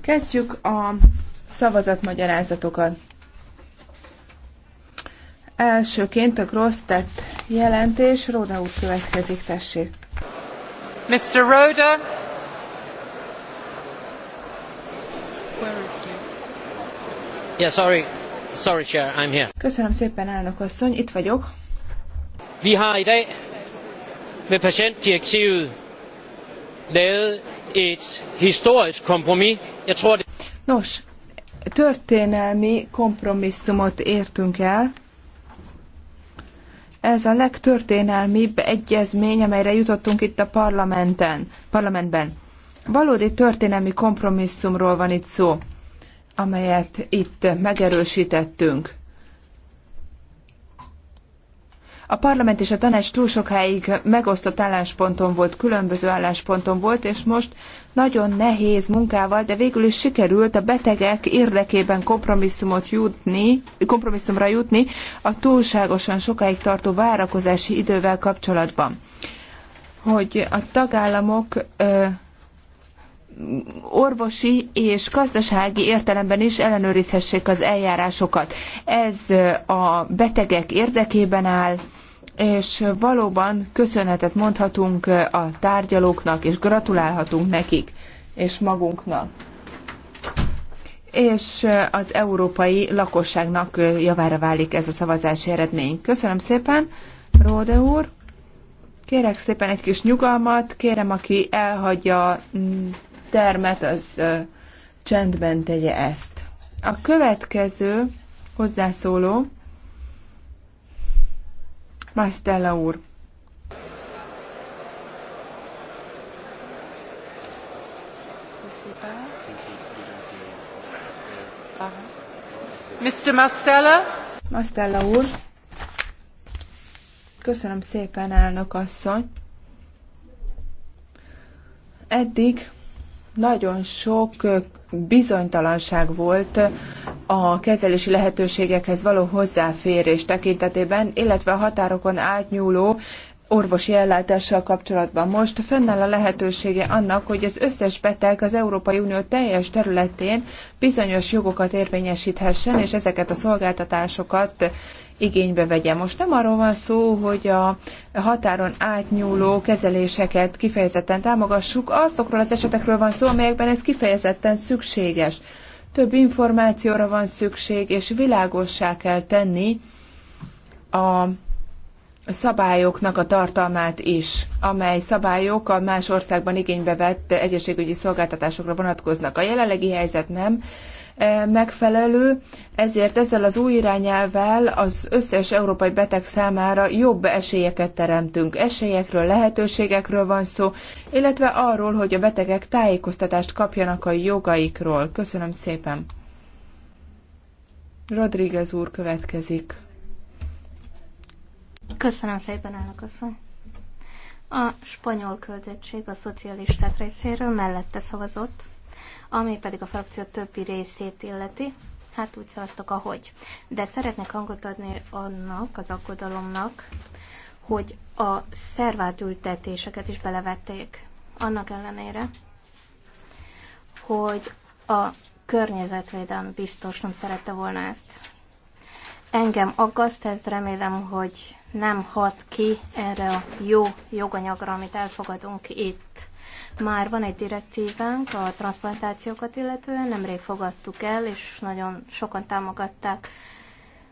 Kezdjük a szavazatmagyarázatokat. Elsőként a tett jelentés. Róda úr következik, tessék. Mr. Roda. Yeah, sorry. Sorry, Chair, I'm here. Köszönöm szépen, elnök asszony, itt vagyok. Vi har i dag med patientdirektivet lavet Nos, történelmi kompromisszumot értünk el. Ez a legtörténelmibb egyezmény, amelyre jutottunk itt a parlamenten, parlamentben. Valódi történelmi kompromisszumról van itt szó, amelyet itt megerősítettünk. A parlament és a tanács túl sokáig megosztott állásponton volt, különböző állásponton volt, és most nagyon nehéz munkával, de végül is sikerült a betegek érdekében kompromisszumot jutni, kompromisszumra jutni a túlságosan sokáig tartó várakozási idővel kapcsolatban. Hogy a tagállamok ö, orvosi és gazdasági értelemben is ellenőrizhessék az eljárásokat. Ez a betegek érdekében áll, és valóban köszönhetet mondhatunk a tárgyalóknak, és gratulálhatunk nekik, és magunknak. És az európai lakosságnak javára válik ez a szavazási eredmény. Köszönöm szépen, Róde úr! Kérek szépen egy kis nyugalmat, kérem, aki elhagyja a termet, az csendben tegye ezt. A következő hozzászóló Majstella úr. Mr. Mastella? Mastella úr. Köszönöm szépen, elnök asszony. Eddig nagyon sok bizonytalanság volt a kezelési lehetőségekhez való hozzáférés tekintetében, illetve a határokon átnyúló orvosi ellátással kapcsolatban. Most fennáll a lehetősége annak, hogy az összes beteg az Európai Unió teljes területén bizonyos jogokat érvényesíthessen, és ezeket a szolgáltatásokat igénybe vegye. Most nem arról van szó, hogy a határon átnyúló kezeléseket kifejezetten támogassuk, azokról az esetekről van szó, amelyekben ez kifejezetten szükséges. Több információra van szükség, és világossá kell tenni a szabályoknak a tartalmát is, amely szabályok a más országban igénybe vett egészségügyi szolgáltatásokra vonatkoznak. A jelenlegi helyzet nem megfelelő, ezért ezzel az új irányelvel az összes európai beteg számára jobb esélyeket teremtünk. Esélyekről, lehetőségekről van szó, illetve arról, hogy a betegek tájékoztatást kapjanak a jogaikról. Köszönöm szépen. Rodríguez úr következik. Köszönöm szépen, elnök asszony. A spanyol küldöttség a szocialisták részéről mellette szavazott. Ami pedig a frakció többi részét illeti, hát úgy szavaztok, ahogy. De szeretnék hangot adni annak, az aggodalomnak, hogy a szervát ültetéseket is belevették. Annak ellenére, hogy a környezetvédelmi biztos nem szerette volna ezt. Engem aggaszt, ez remélem, hogy nem hat ki erre a jó joganyagra, amit elfogadunk itt. Már van egy direktívánk a transplantációkat illetően, nemrég fogadtuk el, és nagyon sokan támogatták.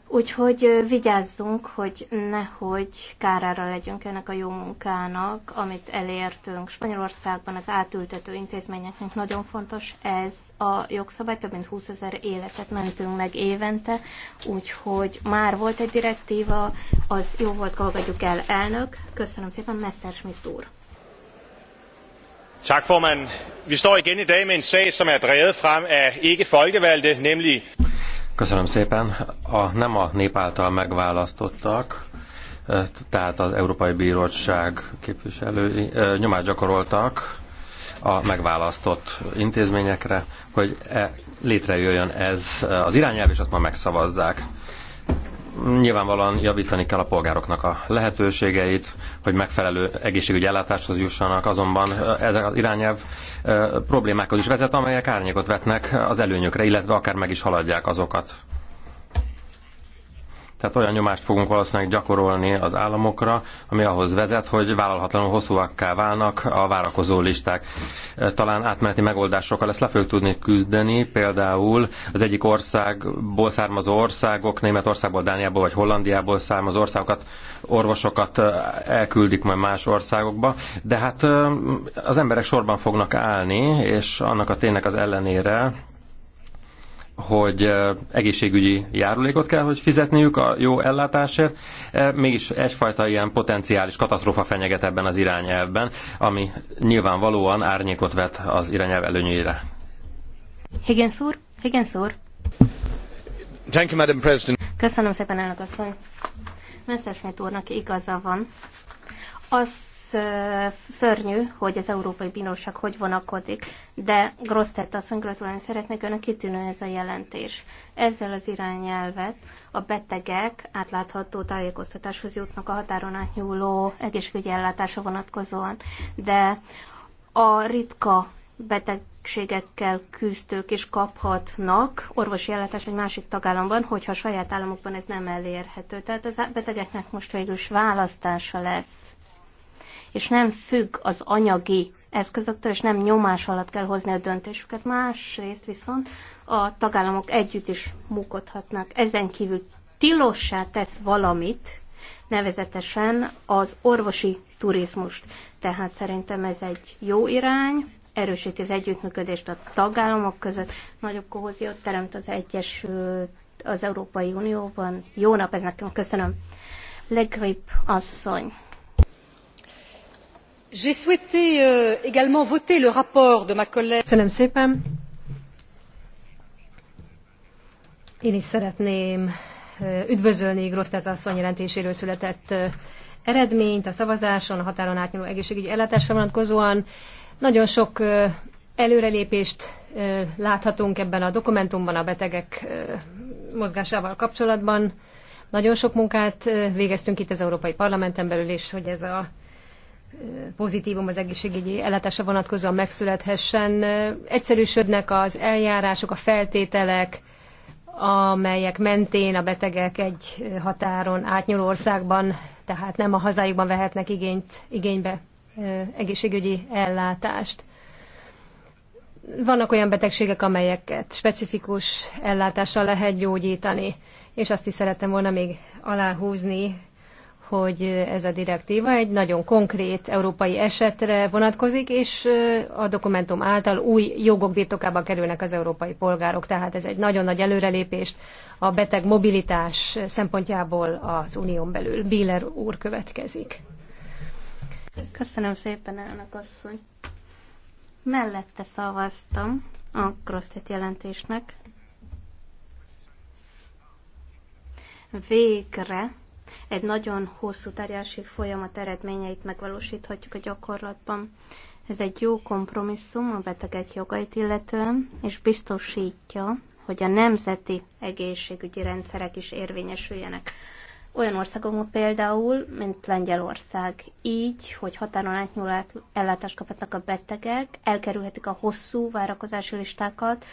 Úgyhogy vigyázzunk, hogy nehogy kárára legyünk ennek a jó munkának, amit elértünk Spanyolországban, az átültető intézményeknek nagyon fontos ez a jogszabály, több mint 20 ezer életet mentünk meg évente, úgyhogy már volt egy direktíva, az jó volt, fogadjuk el elnök. Köszönöm szépen, Messerschmitt úr tak formand vi står igen i dag med en sag som er drevet frem af ikke folkevalgte nemlig Köszönöm szépen. A, nem a nép által megválasztottak, eh, tehát az Európai Bíróság képviselői eh, nyomást gyakoroltak a megválasztott intézményekre, hogy e létrejöjjön ez eh, az irányelv, és azt ma megszavazzák nyilvánvalóan javítani kell a polgároknak a lehetőségeit, hogy megfelelő egészségügyi ellátáshoz jussanak, azonban ez az irányelv problémákhoz is vezet, amelyek árnyékot vetnek az előnyökre, illetve akár meg is haladják azokat. Tehát olyan nyomást fogunk valószínűleg gyakorolni az államokra, ami ahhoz vezet, hogy vállalhatlanul hosszúakká válnak a várakozó listák. Talán átmeneti megoldásokkal ezt le fogjuk tudni küzdeni, például az egyik országból származó országok, Németországból, Dániából vagy Hollandiából származó országokat, orvosokat elküldik majd más országokba, de hát az emberek sorban fognak állni, és annak a ténynek az ellenére, hogy egészségügyi járulékot kell, hogy fizetniük a jó ellátásért, mégis egyfajta ilyen potenciális katasztrófa fenyeget ebben az irányelvben, ami nyilvánvalóan árnyékot vet az irányelv előnyére. Higgins úr, Higgins úr. Thank you, Madam President. Köszönöm szépen, elnök asszony. Messerschmitt úrnak igaza van. Az szörnyű, hogy az Európai Bíróság hogy vonakodik, de azt, hogy gratulálni szeretnék, önök, kitűnő ez a jelentés. Ezzel az irányelvet a betegek átlátható tájékoztatáshoz jutnak a határon átnyúló egészségügyi ellátása vonatkozóan, de a ritka betegségekkel küzdők is kaphatnak orvosi ellátást egy másik tagállamban, hogyha a saját államukban ez nem elérhető. Tehát az betegeknek most végül is választása lesz és nem függ az anyagi eszközöktől, és nem nyomás alatt kell hozni a döntésüket. Másrészt viszont a tagállamok együtt is munkodhatnak. Ezen kívül tilossá tesz valamit, nevezetesen az orvosi turizmust. Tehát szerintem ez egy jó irány, erősíti az együttműködést a tagállamok között, nagyobb kohóziót teremt az Egyesült, az Európai Unióban. Jó nap ez nekem, köszönöm. Legrip asszony j'ai souhaité euh, également voter le rapport de ma collègue. Köszönöm euh, euh, a szavazáson, a határon átnyúló Nagyon sok előrelépést láthatunk ebben a dokumentumban a betegek mozgásával kapcsolatban. Nagyon sok munkát végeztünk itt az Európai Parlamenten belül, és hogy ez a pozitívum az egészségügyi ellátása vonatkozóan megszülethessen. Egyszerűsödnek az eljárások, a feltételek, amelyek mentén a betegek egy határon átnyúló országban, tehát nem a hazájukban vehetnek igényt, igénybe egészségügyi ellátást. Vannak olyan betegségek, amelyeket specifikus ellátással lehet gyógyítani, és azt is szerettem volna még aláhúzni, hogy ez a direktíva egy nagyon konkrét európai esetre vonatkozik, és a dokumentum által új jogok birtokába kerülnek az európai polgárok. Tehát ez egy nagyon nagy előrelépést a beteg mobilitás szempontjából az unión belül. Bíler úr következik. Köszönöm szépen, elnök asszony. Mellette szavaztam a Krosztet jelentésnek. Végre egy nagyon hosszú terjesi folyamat eredményeit megvalósíthatjuk a gyakorlatban. Ez egy jó kompromisszum a betegek jogait illetően, és biztosítja, hogy a nemzeti egészségügyi rendszerek is érvényesüljenek. Olyan országokon például, mint Lengyelország. Így, hogy határon átnyúló ellátást kaphatnak a betegek, elkerülhetik a hosszú várakozási listákat,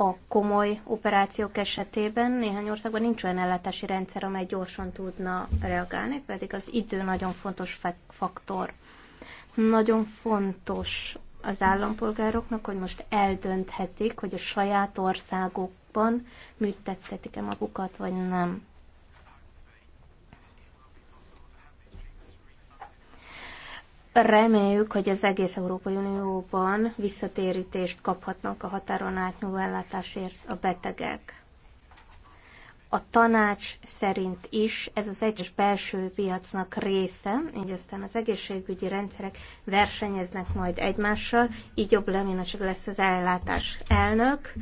a komoly operációk esetében néhány országban nincs olyan ellátási rendszer, amely gyorsan tudna reagálni, pedig az idő nagyon fontos faktor. Nagyon fontos az állampolgároknak, hogy most eldönthetik, hogy a saját országokban műtettetik-e magukat, vagy nem. Reméljük, hogy az egész Európai Unióban visszatérítést kaphatnak a határon átnyúló ellátásért a betegek. A tanács szerint is ez az egyes belső piacnak része, így aztán az egészségügyi rendszerek versenyeznek majd egymással, így jobb leménység lesz az ellátás elnök.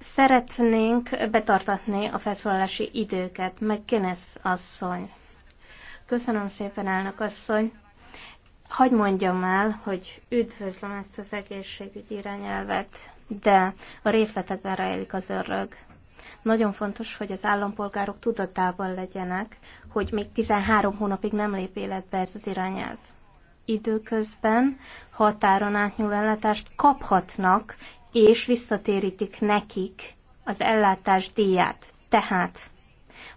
Szeretnénk betartatni a felszólalási időket, meg Guinness asszony. Köszönöm szépen, elnök asszony! Hagy mondjam el, hogy üdvözlöm ezt az egészségügyi irányelvet, de a részletekben rejlik az örök. Nagyon fontos, hogy az állampolgárok tudatában legyenek, hogy még 13 hónapig nem lép életbe ez az irányelv. Időközben határon átnyúló ellátást kaphatnak, és visszatérítik nekik az ellátás díját. Tehát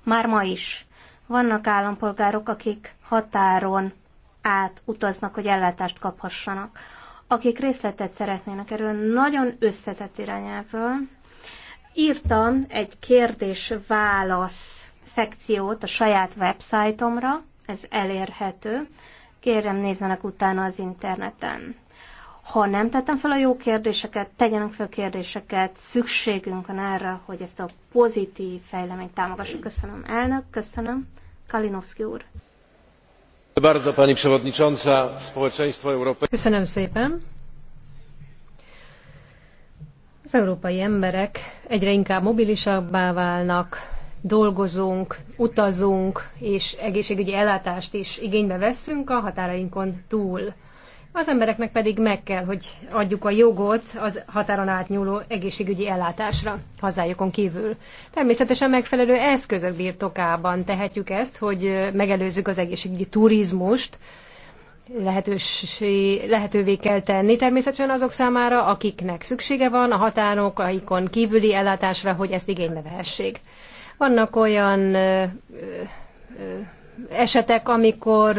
már ma is vannak állampolgárok, akik határon át utaznak, hogy ellátást kaphassanak. Akik részletet szeretnének erről nagyon összetett irányelvről, írtam egy kérdés-válasz szekciót a saját websájtomra, ez elérhető, kérem nézzenek utána az interneten. Ha nem tettem fel a jó kérdéseket, tegyenek fel kérdéseket, szükségünk van erre, hogy ezt a pozitív fejleményt támogassuk. Köszönöm elnök, köszönöm. Kalinowski úr. Köszönöm szépen. Az európai emberek egyre inkább mobilisabbá válnak, dolgozunk, utazunk, és egészségügyi ellátást is igénybe veszünk a határainkon túl. Az embereknek pedig meg kell, hogy adjuk a jogot az határon átnyúló egészségügyi ellátásra hazájukon kívül. Természetesen megfelelő eszközök birtokában tehetjük ezt, hogy megelőzzük az egészségügyi turizmust, lehetősé, lehetővé kell tenni természetesen azok számára, akiknek szüksége van a határok, aikon kívüli ellátásra, hogy ezt igénybe vehessék. Vannak olyan ö, ö, esetek, amikor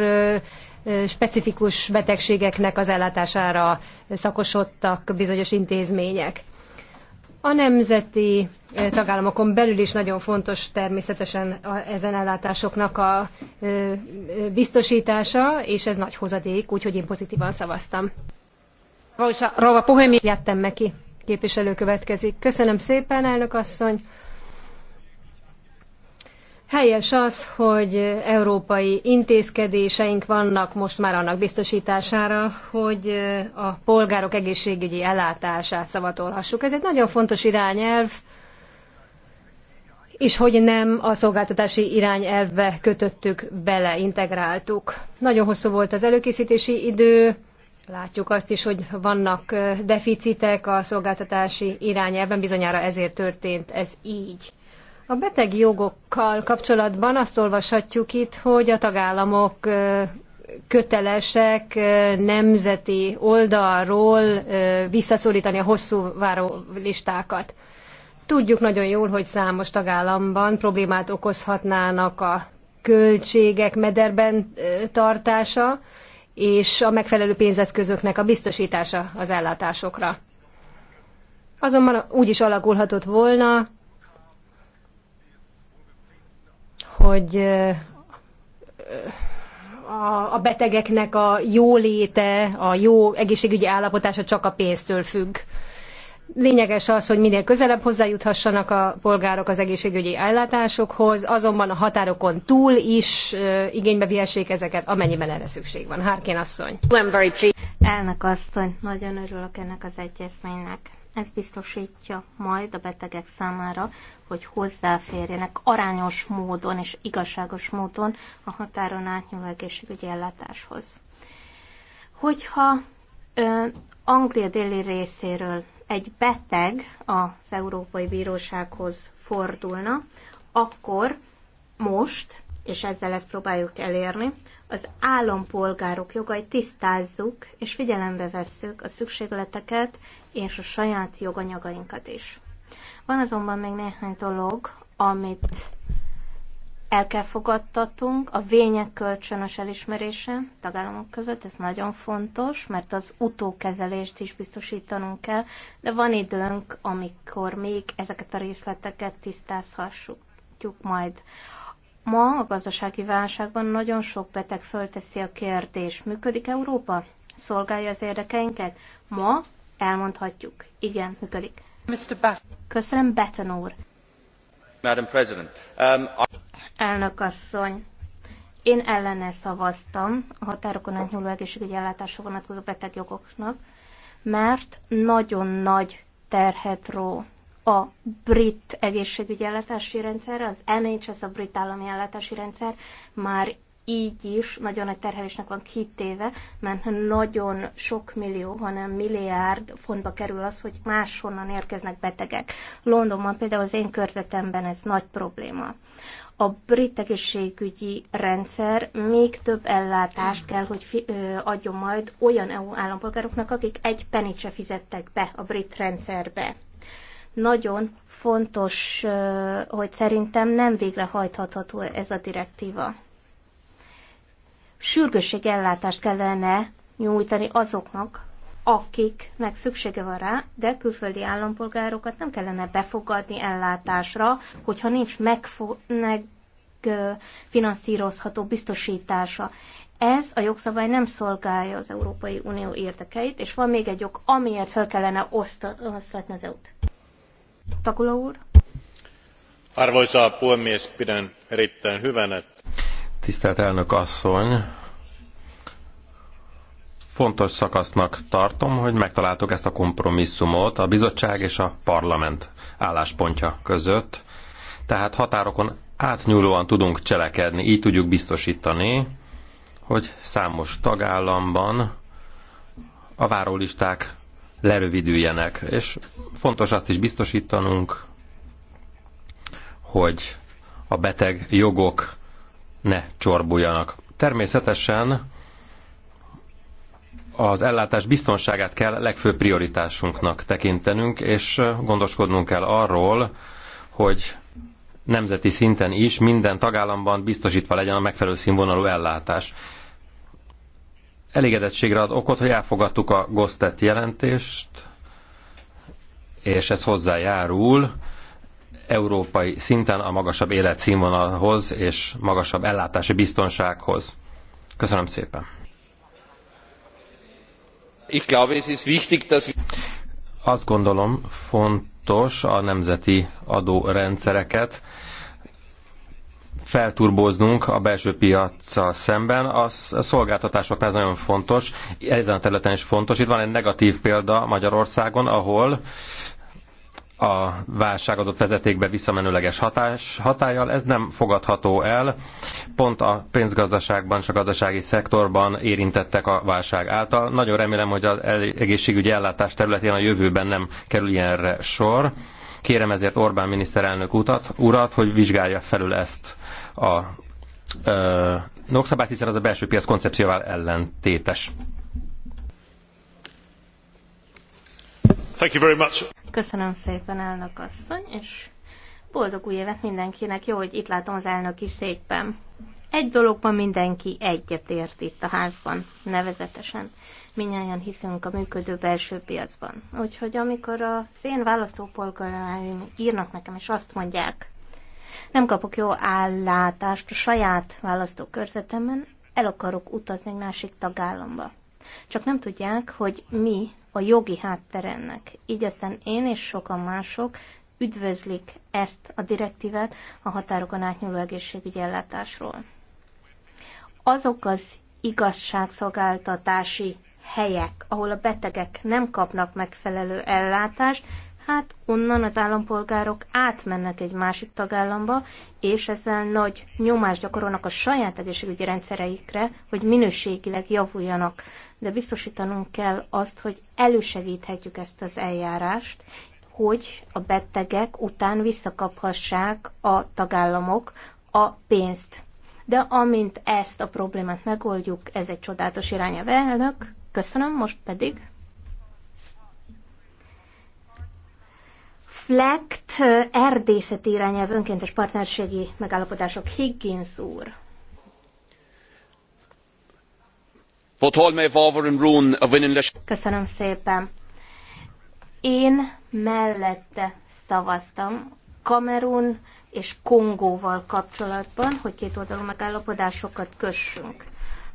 specifikus betegségeknek az ellátására szakosodtak bizonyos intézmények. A nemzeti tagállamokon belül is nagyon fontos természetesen ezen ellátásoknak a biztosítása, és ez nagy hozadék, úgyhogy én pozitívan szavaztam. Róza, Róva, Jettem meg ki. Képviselő következik. Köszönöm szépen, elnök asszony. Helyes az, hogy európai intézkedéseink vannak most már annak biztosítására, hogy a polgárok egészségügyi ellátását szavatolhassuk. Ez egy nagyon fontos irányelv, és hogy nem a szolgáltatási irányelvbe kötöttük bele, integráltuk. Nagyon hosszú volt az előkészítési idő, látjuk azt is, hogy vannak deficitek a szolgáltatási irányelven, bizonyára ezért történt ez így. A beteg jogokkal kapcsolatban azt olvashatjuk itt, hogy a tagállamok kötelesek nemzeti oldalról visszaszorítani a hosszú váró listákat. Tudjuk nagyon jól, hogy számos tagállamban problémát okozhatnának a költségek mederben tartása és a megfelelő pénzeszközöknek a biztosítása az ellátásokra. Azonban úgy is alakulhatott volna, hogy a betegeknek a jó léte, a jó egészségügyi állapotása csak a pénztől függ. Lényeges az, hogy minél közelebb hozzájuthassanak a polgárok az egészségügyi ellátásokhoz, azonban a határokon túl is igénybe vihessék ezeket, amennyiben erre szükség van. Hárkén asszony. Elnök asszony, nagyon örülök ennek az egyezménynek. Ez biztosítja majd a betegek számára, hogy hozzáférjenek arányos módon és igazságos módon a határon átnyúló egészségügyi ellátáshoz. Hogyha ö, Anglia déli részéről egy beteg az Európai Bírósághoz fordulna, akkor most, és ezzel ezt próbáljuk elérni, az állampolgárok jogait tisztázzuk, és figyelembe vesszük a szükségleteket és a saját joganyagainkat is. Van azonban még néhány dolog, amit el kell fogadtatunk, a vények kölcsönös elismerése tagállamok között, ez nagyon fontos, mert az utókezelést is biztosítanunk kell, de van időnk, amikor még ezeket a részleteket tisztázhassuk majd. Ma a gazdasági válságban nagyon sok beteg fölteszi a kérdést, működik Európa? Szolgálja az érdekeinket? Ma Elmondhatjuk. Igen, működik. Mr. Baff. Köszönöm, Betten úr. Madam President, um, I... Elnök asszony, én ellene szavaztam a határokon átnyúló egészségügyi ellátásra vonatkozó betegjogoknak, mert nagyon nagy terhet ró a brit egészségügyi ellátási rendszer, az NHS, a brit állami ellátási rendszer már így is nagyon nagy terhelésnek van kitéve, mert nagyon sok millió, hanem milliárd fontba kerül az, hogy máshonnan érkeznek betegek. Londonban például az én körzetemben ez nagy probléma. A brit egészségügyi rendszer még több ellátást kell, hogy adjon majd olyan EU állampolgároknak, akik egy penit se fizettek be a brit rendszerbe nagyon fontos, hogy szerintem nem végrehajtható ez a direktíva ellátást kellene nyújtani azoknak, akiknek szüksége van rá, de külföldi állampolgárokat nem kellene befogadni ellátásra, hogyha nincs megfo- megfinanszírozható biztosítása. Ez a jogszabály nem szolgálja az Európai Unió érdekeit, és van még egy ok, amiért fel kellene osztatni az EU-t. Takula úr? Arvoisa puhemies, pidän erittäin hyvänä, Tisztelt elnök asszony, fontos szakasznak tartom, hogy megtaláltuk ezt a kompromisszumot a bizottság és a parlament álláspontja között. Tehát határokon átnyúlóan tudunk cselekedni, így tudjuk biztosítani, hogy számos tagállamban a várólisták lerövidüljenek. És fontos azt is biztosítanunk, hogy a beteg jogok ne csorbuljanak. Természetesen az ellátás biztonságát kell legfőbb prioritásunknak tekintenünk, és gondoskodnunk kell arról, hogy nemzeti szinten is minden tagállamban biztosítva legyen a megfelelő színvonalú ellátás. Elégedettségre ad okot, hogy elfogadtuk a GOSZTET jelentést, és ez hozzájárul európai szinten a magasabb életszínvonalhoz és magasabb ellátási biztonsághoz. Köszönöm szépen. Ich glaube, es ist wichtig, dass azt gondolom fontos a nemzeti adórendszereket felturboznunk a belső piaccal szemben. A szolgáltatások ez nagyon fontos, ezen a területen is fontos. Itt van egy negatív példa Magyarországon, ahol a válság adott vezetékbe visszamenőleges hatás, hatállyal. Ez nem fogadható el. Pont a pénzgazdaságban és a gazdasági szektorban érintettek a válság által. Nagyon remélem, hogy az egészségügyi ellátás területén a jövőben nem kerül ilyenre sor. Kérem ezért Orbán miniszterelnök utat, urat, hogy vizsgálja felül ezt a ö, jogszabályt, hiszen az a belső piac koncepcióval ellentétes. Thank you very much. Köszönöm szépen, elnök asszony, és boldog új évet mindenkinek. Jó, hogy itt látom az elnöki székben. Egy dologban mindenki egyetért itt a házban, nevezetesen. Minnyáján hiszünk a működő belső piacban. Úgyhogy amikor az én választópolgáraim írnak nekem, és azt mondják, nem kapok jó állátást a saját választókörzetemben, el akarok utazni egy másik tagállamba. Csak nem tudják, hogy mi a jogi hátterennek. Így aztán én és sokan mások üdvözlik ezt a direktívet a határokon átnyúló egészségügyi ellátásról. Azok az igazságszolgáltatási helyek, ahol a betegek nem kapnak megfelelő ellátást, hát onnan az állampolgárok átmennek egy másik tagállamba, és ezzel nagy nyomást gyakorolnak a saját egészségügyi rendszereikre, hogy minőségileg javuljanak de biztosítanunk kell azt, hogy elősegíthetjük ezt az eljárást, hogy a betegek után visszakaphassák a tagállamok a pénzt. De amint ezt a problémát megoldjuk, ez egy csodálatos irányelv elnök. Köszönöm, most pedig. FLECT erdészeti irányelv önkéntes partnerségi megállapodások Higgins úr. Köszönöm szépen. Én mellette szavaztam Kamerun és Kongóval kapcsolatban, hogy két oldalú megállapodásokat kössünk.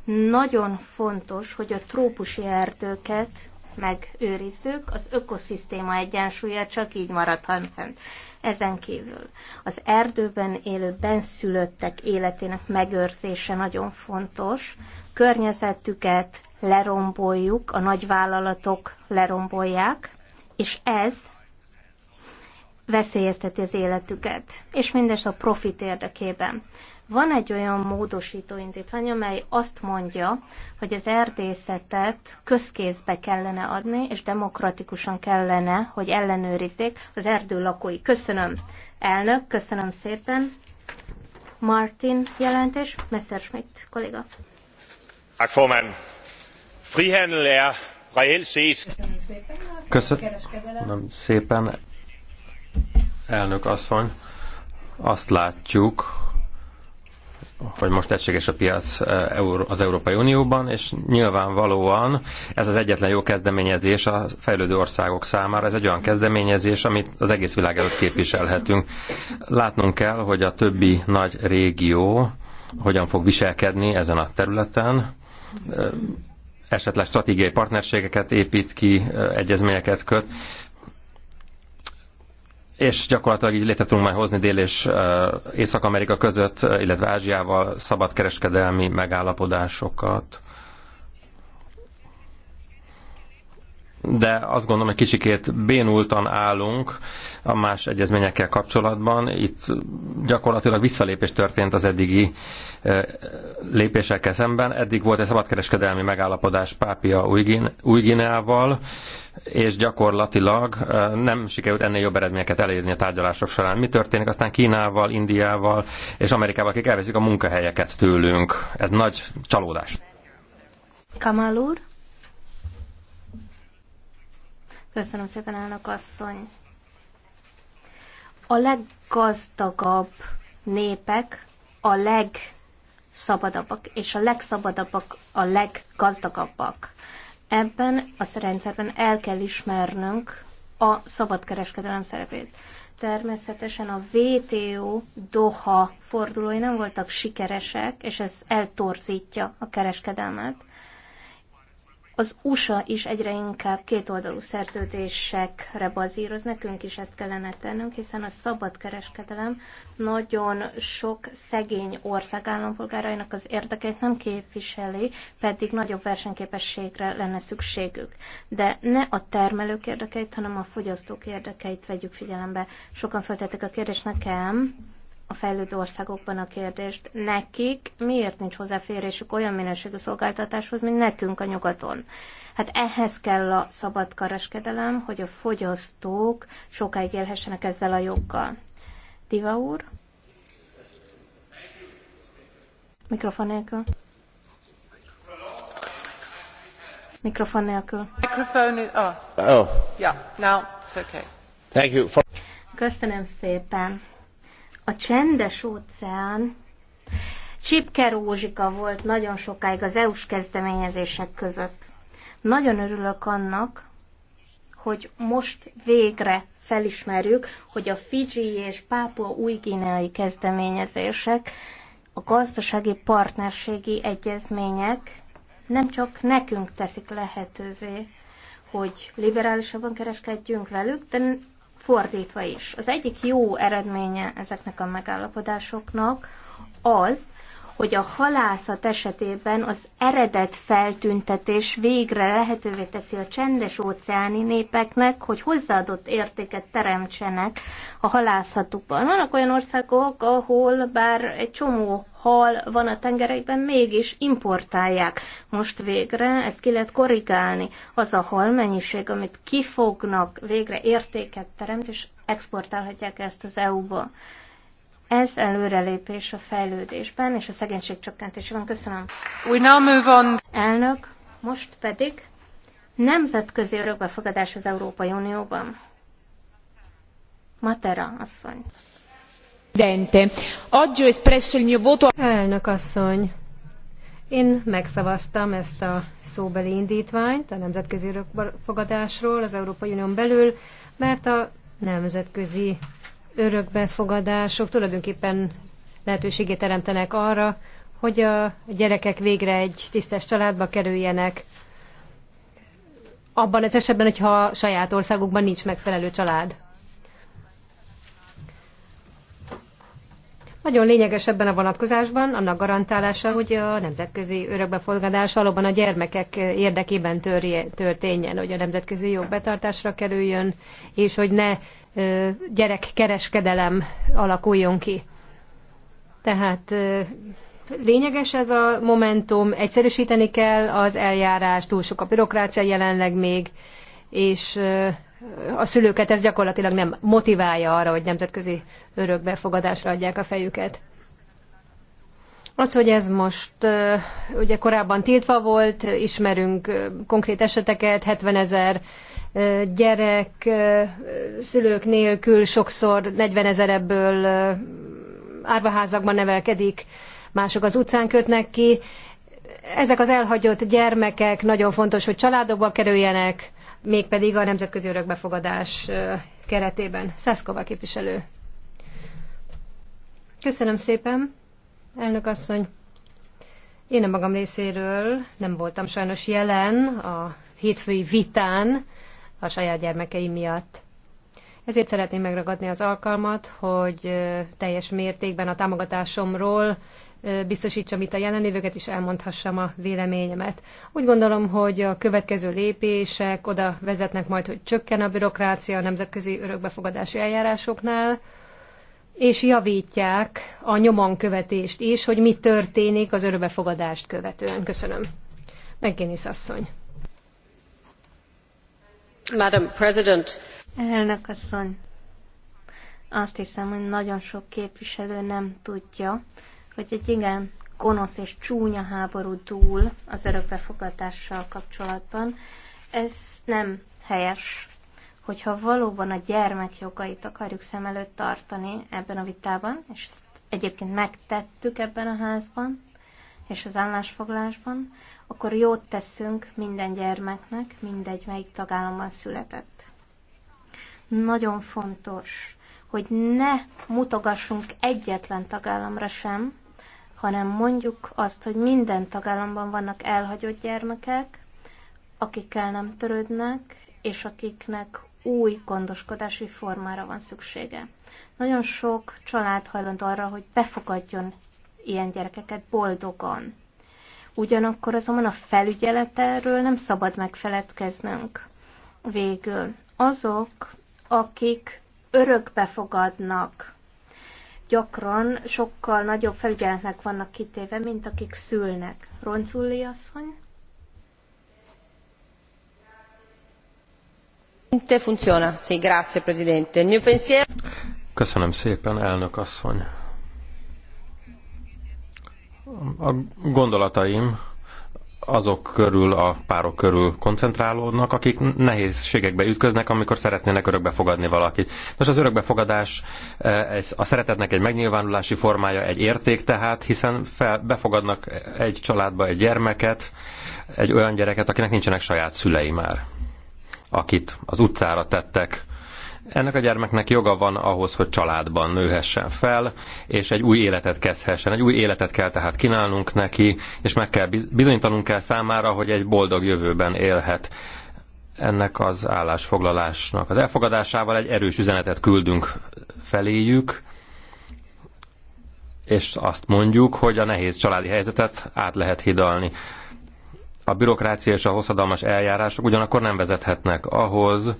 Nagyon fontos, hogy a trópusi erdőket megőrizzük, az ökoszisztéma egyensúlya csak így maradhat fent. Ezen kívül az erdőben élő benszülöttek életének megőrzése nagyon fontos. Környezetüket leromboljuk, a nagyvállalatok lerombolják, és ez veszélyezteti az életüket, és mindez a profit érdekében. Van egy olyan módosító indítvány, amely azt mondja, hogy az erdészetet közkézbe kellene adni, és demokratikusan kellene, hogy ellenőrizzék az erdő lakói. Köszönöm, elnök, köszönöm szépen. Martin jelentés, Messerschmidt kolléga. Tak, formand. Frihandel er reelt set. Köszönöm szépen, elnök asszony. Azt látjuk, hogy most egységes a piac e, az Európai Unióban, és nyilvánvalóan ez az egyetlen jó kezdeményezés a fejlődő országok számára. Ez egy olyan kezdeményezés, amit az egész világ előtt képviselhetünk. Látnunk kell, hogy a többi nagy régió hogyan fog viselkedni ezen a területen, e, esetleg stratégiai partnerségeket épít ki, e, egyezményeket köt és gyakorlatilag így létre tudunk már hozni Dél- és Észak-Amerika között, illetve Ázsiával szabadkereskedelmi megállapodásokat. de azt gondolom, hogy kicsikét bénultan állunk a más egyezményekkel kapcsolatban. Itt gyakorlatilag visszalépés történt az eddigi eh, lépésekkel szemben. Eddig volt egy szabadkereskedelmi megállapodás Pápia új és gyakorlatilag eh, nem sikerült ennél jobb eredményeket elérni a tárgyalások során. Mi történik aztán Kínával, Indiával és Amerikával, akik elveszik a munkahelyeket tőlünk? Ez nagy csalódás. Kamal úr? Köszönöm szépen, elnök asszony. A leggazdagabb népek a legszabadabbak, és a legszabadabbak a leggazdagabbak. Ebben a rendszerben el kell ismernünk a szabadkereskedelem szerepét. Természetesen a WTO Doha fordulói nem voltak sikeresek, és ez eltorzítja a kereskedelmet az USA is egyre inkább kétoldalú szerződésekre bazíroz, nekünk is ezt kellene tennünk, hiszen a szabad kereskedelem nagyon sok szegény ország állampolgárainak az érdekeit nem képviseli, pedig nagyobb versenyképességre lenne szükségük. De ne a termelők érdekeit, hanem a fogyasztók érdekeit vegyük figyelembe. Sokan feltettek a kérdést nekem, a fejlődő országokban a kérdést. Nekik miért nincs hozzáférésük olyan minőségű szolgáltatáshoz, mint nekünk a nyugaton? Hát ehhez kell a szabad kereskedelem, hogy a fogyasztók sokáig élhessenek ezzel a joggal. Diva úr? Mikrofon nélkül. Mikrofon nélkül. Mikrofon is, oh. Oh. Yeah, now it's okay. Thank you. For... Köszönöm szépen. A csendes óceán Csipke Rózsika volt nagyon sokáig az EU-s kezdeményezések között. Nagyon örülök annak, hogy most végre felismerjük, hogy a Fiji és Pápua új guineai kezdeményezések, a gazdasági partnerségi egyezmények nem csak nekünk teszik lehetővé, hogy liberálisabban kereskedjünk velük, de fordítva is. Az egyik jó eredménye ezeknek a megállapodásoknak az, hogy a halászat esetében az eredet feltüntetés végre lehetővé teszi a csendes óceáni népeknek, hogy hozzáadott értéket teremtsenek a halászatukban. Vannak olyan országok, ahol bár egy csomó hal van a tengerekben, mégis importálják. Most végre ezt ki lehet korrigálni. Az a hal mennyiség, amit kifognak, végre értéket teremt, és exportálhatják ezt az EU-ba. Ez előrelépés a fejlődésben, és a szegénység csökkentésében. Köszönöm. We now move on. Elnök, most pedig nemzetközi örökbefogadás az Európai Unióban. Matera asszony. Elnök asszony, én megszavaztam ezt a szóbeli indítványt a nemzetközi örökbefogadásról az Európai Unión belül, mert a nemzetközi örökbefogadások tulajdonképpen lehetőségét teremtenek arra, hogy a gyerekek végre egy tisztes családba kerüljenek, abban az esetben, hogyha saját országukban nincs megfelelő család. Nagyon lényeges ebben a vonatkozásban annak garantálása, hogy a nemzetközi örökbefogadás valóban a gyermekek érdekében törje, történjen, hogy a nemzetközi jog betartásra kerüljön, és hogy ne gyerekkereskedelem alakuljon ki. Tehát lényeges ez a momentum, egyszerűsíteni kell az eljárást, túl sok a bürokrácia jelenleg még, és a szülőket ez gyakorlatilag nem motiválja arra, hogy nemzetközi örökbefogadásra adják a fejüket. Az, hogy ez most ugye korábban tiltva volt, ismerünk konkrét eseteket, 70 ezer gyerek szülők nélkül sokszor 40 ezer ebből árvaházakban nevelkedik, mások az utcán kötnek ki. Ezek az elhagyott gyermekek nagyon fontos, hogy családokba kerüljenek, mégpedig a nemzetközi örökbefogadás keretében. Szeszkova képviselő. Köszönöm szépen, elnök asszony. Én a magam részéről nem voltam sajnos jelen a hétfői vitán a saját gyermekei miatt. Ezért szeretném megragadni az alkalmat, hogy teljes mértékben a támogatásomról biztosítsam itt a jelenlévőket, és elmondhassam a véleményemet. Úgy gondolom, hogy a következő lépések oda vezetnek majd, hogy csökken a bürokrácia a nemzetközi örökbefogadási eljárásoknál, és javítják a nyomonkövetést is, hogy mi történik az örökbefogadást követően. Köszönöm. Megkénisz asszony. Madam President. Elnök asszony. Azt hiszem, hogy nagyon sok képviselő nem tudja, hogy egy igen gonosz és csúnya háború túl az örökbefogadással kapcsolatban. Ez nem helyes. Hogyha valóban a gyermek jogait akarjuk szem előtt tartani ebben a vitában, és ezt egyébként megtettük ebben a házban, és az állásfoglásban, akkor jót teszünk minden gyermeknek, mindegy, melyik tagállamban született. Nagyon fontos, hogy ne mutogassunk egyetlen tagállamra sem, hanem mondjuk azt, hogy minden tagállamban vannak elhagyott gyermekek, akikkel nem törődnek, és akiknek új gondoskodási formára van szüksége. Nagyon sok család hajlandó arra, hogy befogadjon ilyen gyerekeket boldogan. Ugyanakkor azonban a felügyelet erről nem szabad megfeledkeznünk. Végül azok, akik örökbe fogadnak gyakran sokkal nagyobb felügyeletnek vannak kitéve, mint akik szülnek. Ronculli asszony? grazie, Presidente. Il mio pensiero... Köszönöm szépen, elnök asszony. A gondolataim azok körül, a párok körül koncentrálódnak, akik nehézségekbe ütköznek, amikor szeretnének örökbe fogadni valakit. Nos, az örökbefogadás eh, a szeretetnek egy megnyilvánulási formája, egy érték tehát, hiszen fel, befogadnak egy családba egy gyermeket, egy olyan gyereket, akinek nincsenek saját szülei már, akit az utcára tettek, ennek a gyermeknek joga van ahhoz, hogy családban nőhessen fel, és egy új életet kezdhessen. Egy új életet kell tehát kínálnunk neki, és meg kell bizonyítanunk kell számára, hogy egy boldog jövőben élhet. Ennek az állásfoglalásnak az elfogadásával egy erős üzenetet küldünk feléjük, és azt mondjuk, hogy a nehéz családi helyzetet át lehet hidalni. A bürokrácia és a hosszadalmas eljárások ugyanakkor nem vezethetnek ahhoz,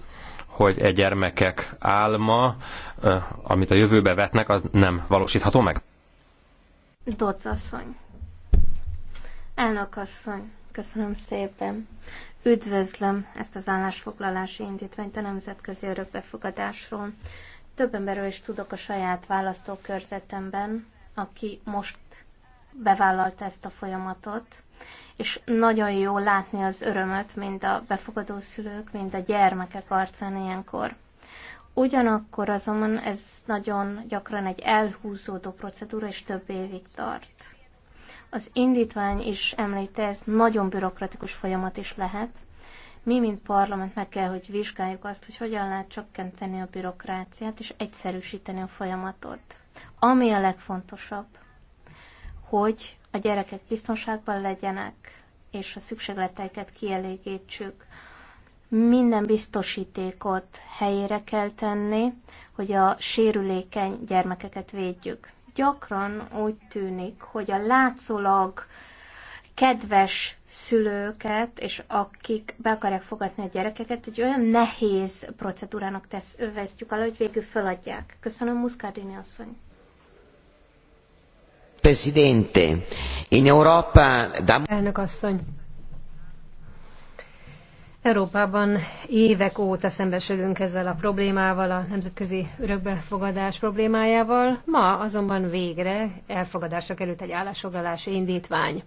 hogy egy gyermekek álma, amit a jövőbe vetnek, az nem valósítható meg? Dodz asszony. Elnök asszony, köszönöm szépen. Üdvözlöm ezt az állásfoglalási indítványt a nemzetközi örökbefogadásról. Több emberről is tudok a saját választókörzetemben, aki most bevállalta ezt a folyamatot, és nagyon jó látni az örömöt mind a befogadó szülők, mind a gyermekek arcán ilyenkor. Ugyanakkor azonban ez nagyon gyakran egy elhúzódó procedúra, és több évig tart. Az indítvány is említe, ez nagyon bürokratikus folyamat is lehet. Mi, mint parlament meg kell, hogy vizsgáljuk azt, hogy hogyan lehet csökkenteni a bürokráciát, és egyszerűsíteni a folyamatot. Ami a legfontosabb, hogy a gyerekek biztonságban legyenek, és a szükségleteiket kielégítsük. Minden biztosítékot helyére kell tenni, hogy a sérülékeny gyermekeket védjük. Gyakran úgy tűnik, hogy a látszólag kedves szülőket, és akik be akarják fogadni a gyerekeket, egy olyan nehéz procedúrának tesz, vetjük alá, hogy végül föladják. Köszönöm, Muszkárdini asszony. Elnök asszony, Európában évek óta szembesülünk ezzel a problémával, a nemzetközi örökbefogadás problémájával. Ma azonban végre elfogadásra került egy állásfoglalási indítvány.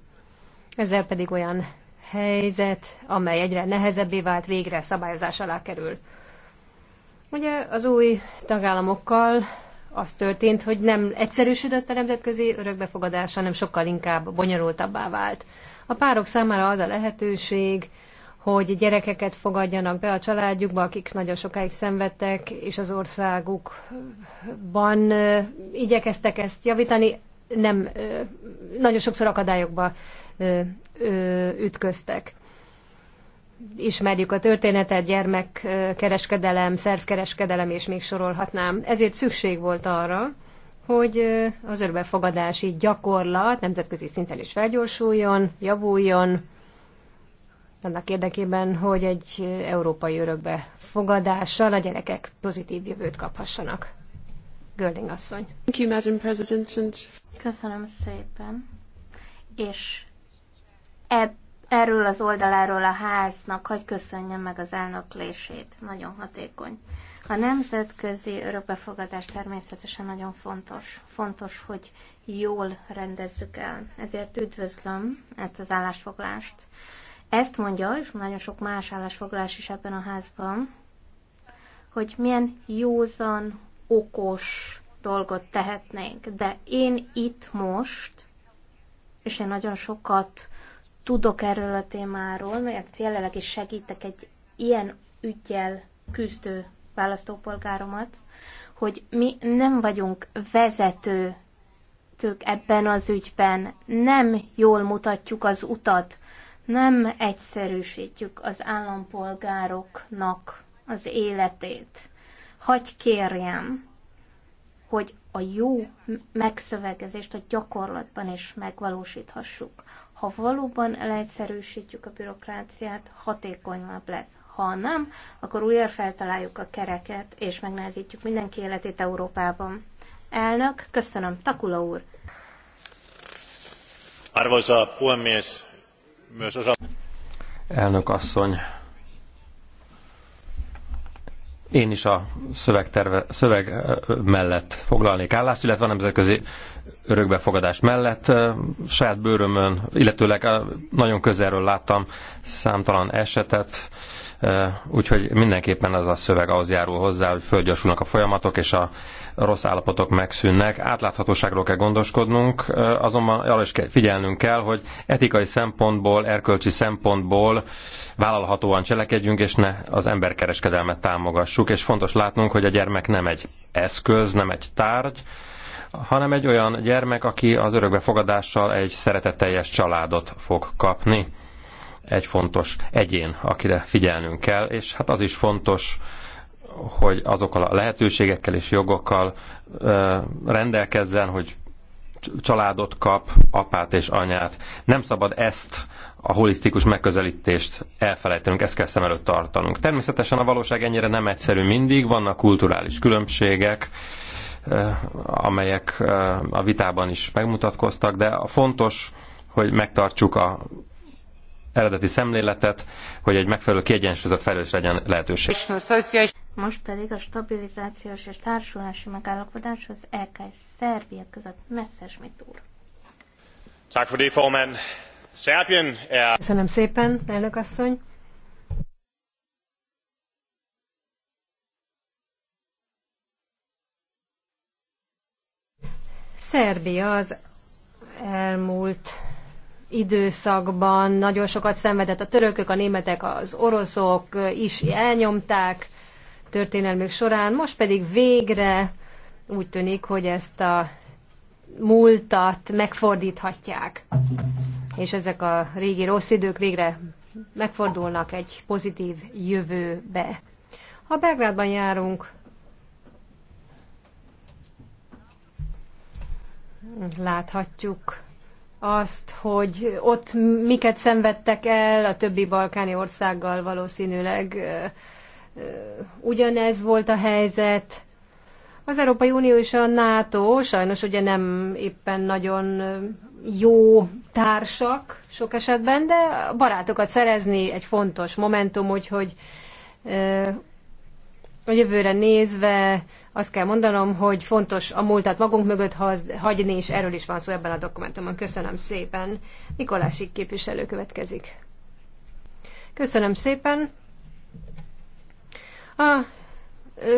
Ezzel pedig olyan helyzet, amely egyre nehezebbé vált, végre szabályozás alá kerül. Ugye az új tagállamokkal az történt, hogy nem egyszerűsödött a nemzetközi örökbefogadás, hanem sokkal inkább bonyolultabbá vált. A párok számára az a lehetőség, hogy gyerekeket fogadjanak be a családjukba, akik nagyon sokáig szenvedtek, és az országukban igyekeztek ezt javítani, nem nagyon sokszor akadályokba ütköztek ismerjük a történetet, gyermekkereskedelem, szervkereskedelem, és még sorolhatnám. Ezért szükség volt arra, hogy az örökbefogadási gyakorlat nemzetközi szinten is felgyorsuljon, javuljon, annak érdekében, hogy egy európai örökbefogadással fogadással a gyerekek pozitív jövőt kaphassanak. Görling asszony. Köszönöm szépen. És ebb erről az oldaláról a háznak, hogy köszönjem meg az elnöklését. Nagyon hatékony. A nemzetközi örökbefogadás természetesen nagyon fontos. Fontos, hogy jól rendezzük el. Ezért üdvözlöm ezt az állásfoglást. Ezt mondja, és nagyon sok más állásfoglalás is ebben a házban, hogy milyen józan, okos dolgot tehetnénk. De én itt most, és én nagyon sokat tudok erről a témáról, mert jelenleg is segítek egy ilyen ügyjel küzdő választópolgáromat, hogy mi nem vagyunk vezetők ebben az ügyben, nem jól mutatjuk az utat, nem egyszerűsítjük az állampolgároknak az életét. Hagy kérjem, hogy a jó megszövegezést a gyakorlatban is megvalósíthassuk. Ha valóban leegyszerűsítjük a bürokráciát, hatékonyabb lesz. Ha nem, akkor újra feltaláljuk a kereket, és megnehezítjük mindenki életét Európában. Elnök, köszönöm, Takula úr! Arvoisa puhemies, myös osa... Elnök asszony, én is a szövegterve, szöveg mellett foglalnék állást, illetve a nemzetközi örökbefogadás mellett. Saját bőrömön, illetőleg nagyon közelről láttam számtalan esetet, úgyhogy mindenképpen ez a szöveg ahhoz járul hozzá, hogy fölgyorsulnak a folyamatok, és a rossz állapotok megszűnnek. Átláthatóságról kell gondoskodnunk, azonban arra is kell, figyelnünk kell, hogy etikai szempontból, erkölcsi szempontból vállalhatóan cselekedjünk, és ne az emberkereskedelmet támogassuk. És fontos látnunk, hogy a gyermek nem egy eszköz, nem egy tárgy, hanem egy olyan gyermek, aki az örökbefogadással egy szeretetteljes családot fog kapni. Egy fontos egyén, akire figyelnünk kell, és hát az is fontos, hogy azokkal a lehetőségekkel és jogokkal rendelkezzen, hogy családot kap, apát és anyát. Nem szabad ezt a holisztikus megközelítést elfelejtenünk, ezt kell szem előtt tartanunk. Természetesen a valóság ennyire nem egyszerű mindig, vannak kulturális különbségek, Eh, amelyek eh, a vitában is megmutatkoztak, de a fontos, hogy megtartsuk a eredeti szemléletet, hogy egy megfelelő kiegyensúlyozott felelős legyen lehetőség. Most pedig a stabilizációs és társulási megállapodáshoz az EK Szerbia között Messerschmitt úr. Er- Köszönöm szépen, elnök asszony. Szerbia az elmúlt időszakban nagyon sokat szenvedett a törökök, a németek, az oroszok is elnyomták történelmük során, most pedig végre úgy tűnik, hogy ezt a múltat megfordíthatják. És ezek a régi rossz idők végre megfordulnak egy pozitív jövőbe. Ha Belgrádban járunk, láthatjuk azt, hogy ott miket szenvedtek el, a többi balkáni országgal valószínűleg ugyanez volt a helyzet. Az Európai Unió és a NATO sajnos ugye nem éppen nagyon jó társak sok esetben, de barátokat szerezni egy fontos momentum, úgyhogy a jövőre nézve azt kell mondanom, hogy fontos a múltat magunk mögött hagyni, és erről is van szó ebben a dokumentumban. Köszönöm szépen. Nikolásik képviselő következik. Köszönöm szépen. A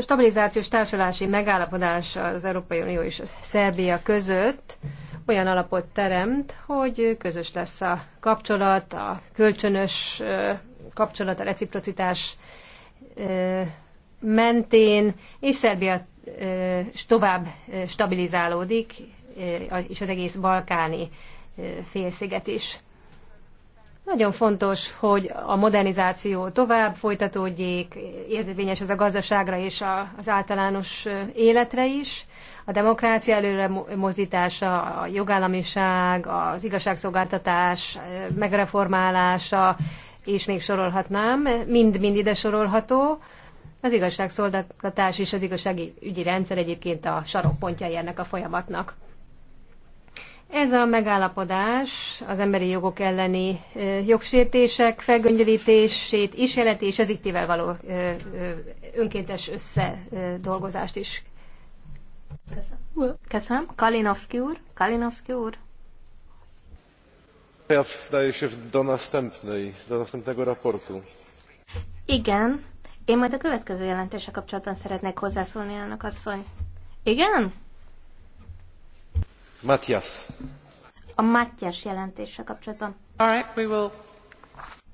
stabilizációs társulási megállapodás az Európai Unió és Szerbia között olyan alapot teremt, hogy közös lesz a kapcsolat, a kölcsönös kapcsolat, a reciprocitás mentén, és Szerbia tovább stabilizálódik, és az egész balkáni félsziget is. Nagyon fontos, hogy a modernizáció tovább folytatódjék, érvényes ez a gazdaságra és a, az általános életre is. A demokrácia előre mozdítása, a jogállamiság, az igazságszolgáltatás megreformálása, és még sorolhatnám, mind-mind ide sorolható. Az igazságszolgáltatás és az igazságügyi rendszer egyébként a sarokpontjai ennek a folyamatnak. Ez a megállapodás az emberi jogok elleni jogsértések felgöngyölítését is jelenti, és az ittivel való önkéntes összedolgozást is. Köszönöm. Kalinowski úr. Kalinowski úr. Ja wstaje się do następnej, do następnego raportu. Igen, én majd a következő jelentése kapcsolatban szeretnék hozzászólni, elnök asszony. Igen? Matthias. A Matthias jelentése kapcsolatban. All right, we will...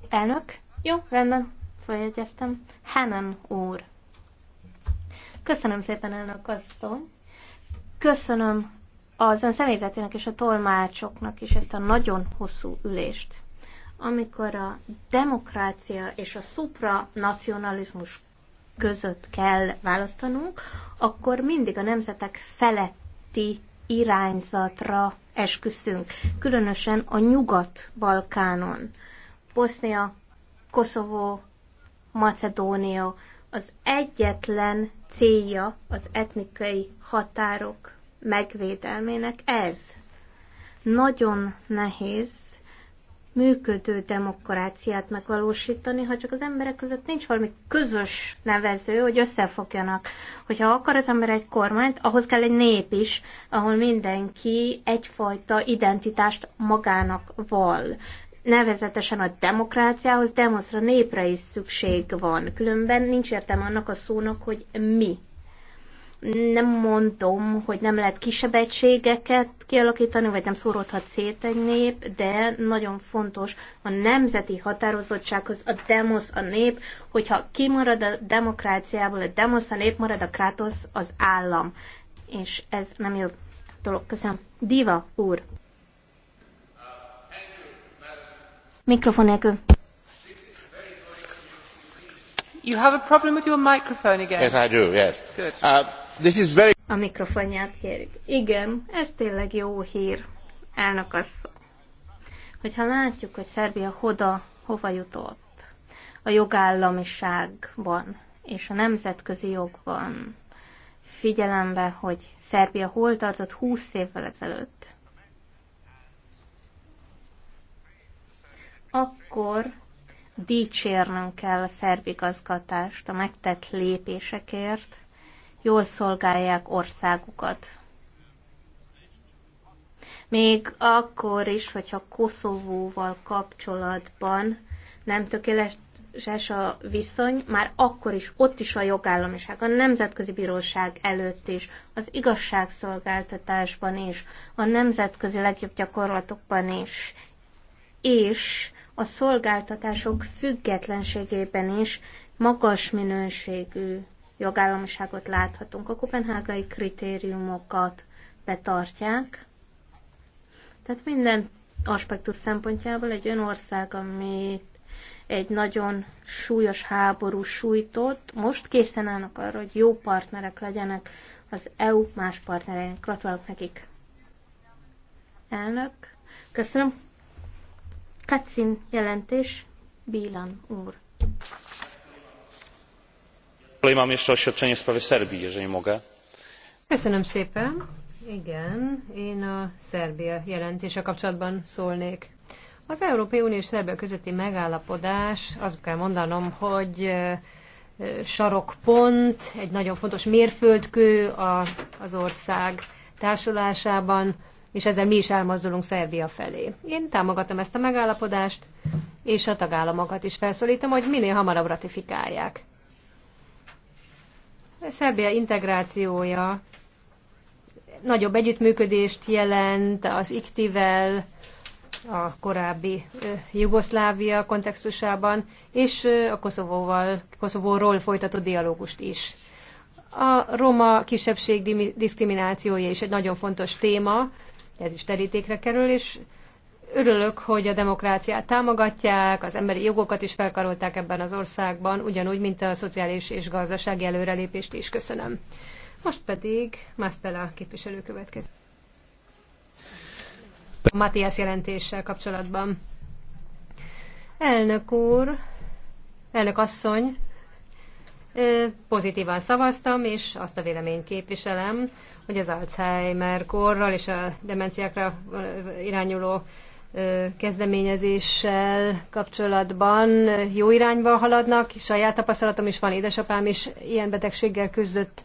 Elnök? Jó, rendben. Följegyeztem. Hanem úr. Köszönöm szépen, elnök asszony. Köszönöm az ön személyzetének és a tolmácsoknak is ezt a nagyon hosszú ülést amikor a demokrácia és a supranacionalizmus között kell választanunk, akkor mindig a nemzetek feletti irányzatra esküszünk, különösen a Nyugat-Balkánon. Bosznia, Koszovó, Macedónia az egyetlen célja az etnikai határok megvédelmének ez. Nagyon nehéz működő demokráciát megvalósítani, ha csak az emberek között nincs valami közös nevező, hogy összefogjanak. Hogyha akar az ember egy kormányt, ahhoz kell egy nép is, ahol mindenki egyfajta identitást magának val. Nevezetesen a demokráciához, demoszra népre is szükség van. Különben nincs értelme annak a szónak, hogy mi nem mondom, hogy nem lehet kisebb egységeket kialakítani, vagy nem szóródhat szét egy nép, de nagyon fontos a nemzeti határozottsághoz a demosz a nép, hogyha kimarad a demokráciából, a demosz a nép, marad a krátosz az állam. És ez nem jó dolog. Köszönöm. Diva úr. Mikrofon nélkül. You have a problem with your microphone again. Yes, I do. Yes. Good. Uh, This is very... A mikrofonját kérjük. Igen, ez tényleg jó hír, elnök asszony. Hogyha látjuk, hogy Szerbia hoda, hova jutott a jogállamiságban és a nemzetközi jogban, figyelembe, hogy Szerbia hol tartott 20 évvel ezelőtt, akkor dicsérnünk kell a szerb igazgatást a megtett lépésekért, jól szolgálják országukat. Még akkor is, hogyha Koszovóval kapcsolatban nem tökéletes a viszony, már akkor is ott is a jogállamiság, a Nemzetközi Bíróság előtt is, az igazságszolgáltatásban is, a nemzetközi legjobb gyakorlatokban is, és a szolgáltatások függetlenségében is magas minőségű jogállamiságot láthatunk. A kopenhágai kritériumokat betartják. Tehát minden aspektus szempontjából egy olyan ország, amit egy nagyon súlyos háború sújtott, most készen állnak arra, hogy jó partnerek legyenek az EU más partnereink. Gratulálok nekik. Elnök, köszönöm. Katszin jelentés, Bílan úr mam jeszcze oświadczenie w sprawie serbii jeżeli mogę. köszönöm szépen igen én a szerbia jelentése kapcsolatban szólnék az európai unió és szerbia közötti megállapodás azt kell mondanom hogy sarokpont egy nagyon fontos mérföldkő a, az ország társulásában és ezzel mi is elmozdulunk Szerbia felé. Én támogatom ezt a megállapodást, és a tagállamokat is felszólítom, hogy minél hamarabb ratifikálják. Szerbia integrációja nagyobb együttműködést jelent az iktivel, a korábbi Jugoszlávia kontextusában, és a Koszovóval, Koszovóról folytatott dialógust is. A roma kisebbség diszkriminációja is egy nagyon fontos téma, ez is terítékre kerül, és Örülök, hogy a demokráciát támogatják, az emberi jogokat is felkarolták ebben az országban, ugyanúgy, mint a szociális és gazdasági előrelépést is. Köszönöm. Most pedig Mastella képviselő következik. A Matthias jelentéssel kapcsolatban. Elnök úr, elnök asszony, pozitívan szavaztam, és azt a véleményt képviselem, hogy az Alzheimer korral és a demenciákra irányuló kezdeményezéssel kapcsolatban jó irányba haladnak. Saját tapasztalatom is van, édesapám is ilyen betegséggel küzdött.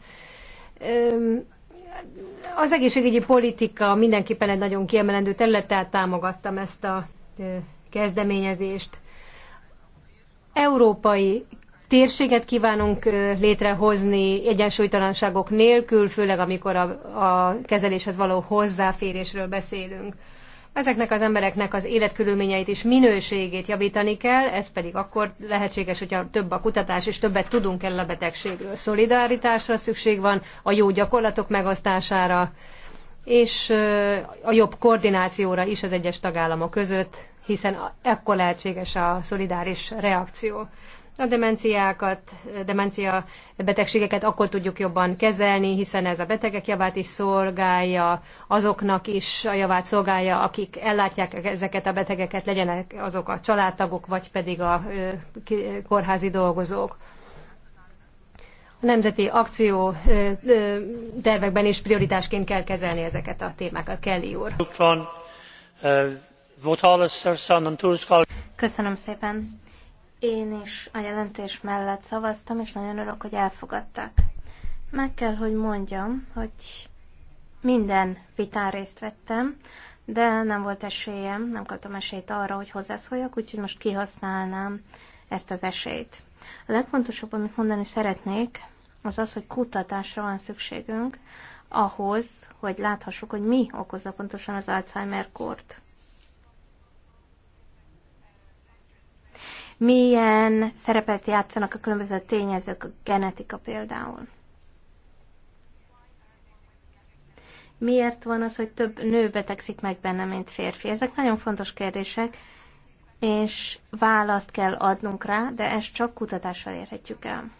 Az egészségügyi politika mindenképpen egy nagyon kiemelendő terület, tehát támogattam ezt a kezdeményezést. Európai térséget kívánunk létrehozni egyensúlytalanságok nélkül, főleg amikor a, a kezeléshez való hozzáférésről beszélünk. Ezeknek az embereknek az életkörülményeit és minőségét javítani kell, ez pedig akkor lehetséges, hogyha több a kutatás és többet tudunk el a betegségről. Szolidaritásra szükség van, a jó gyakorlatok megosztására, és a jobb koordinációra is az egyes tagállamok között, hiszen ekkor lehetséges a szolidáris reakció a demenciákat, demencia betegségeket akkor tudjuk jobban kezelni, hiszen ez a betegek javát is szolgálja, azoknak is a javát szolgálja, akik ellátják ezeket a betegeket, legyenek azok a családtagok, vagy pedig a kórházi dolgozók. A nemzeti akció tervekben is prioritásként kell kezelni ezeket a témákat. Kelly úr. Köszönöm szépen. Én is a jelentés mellett szavaztam, és nagyon örülök, hogy elfogadták. Meg kell, hogy mondjam, hogy minden vitán részt vettem, de nem volt esélyem, nem kaptam esélyt arra, hogy hozzászóljak, úgyhogy most kihasználnám ezt az esélyt. A legfontosabb, amit mondani szeretnék, az az, hogy kutatásra van szükségünk ahhoz, hogy láthassuk, hogy mi okozza pontosan az Alzheimer-kort. milyen szerepet játszanak a különböző tényezők, a genetika például. Miért van az, hogy több nő betegszik meg benne, mint férfi? Ezek nagyon fontos kérdések, és választ kell adnunk rá, de ezt csak kutatással érhetjük el.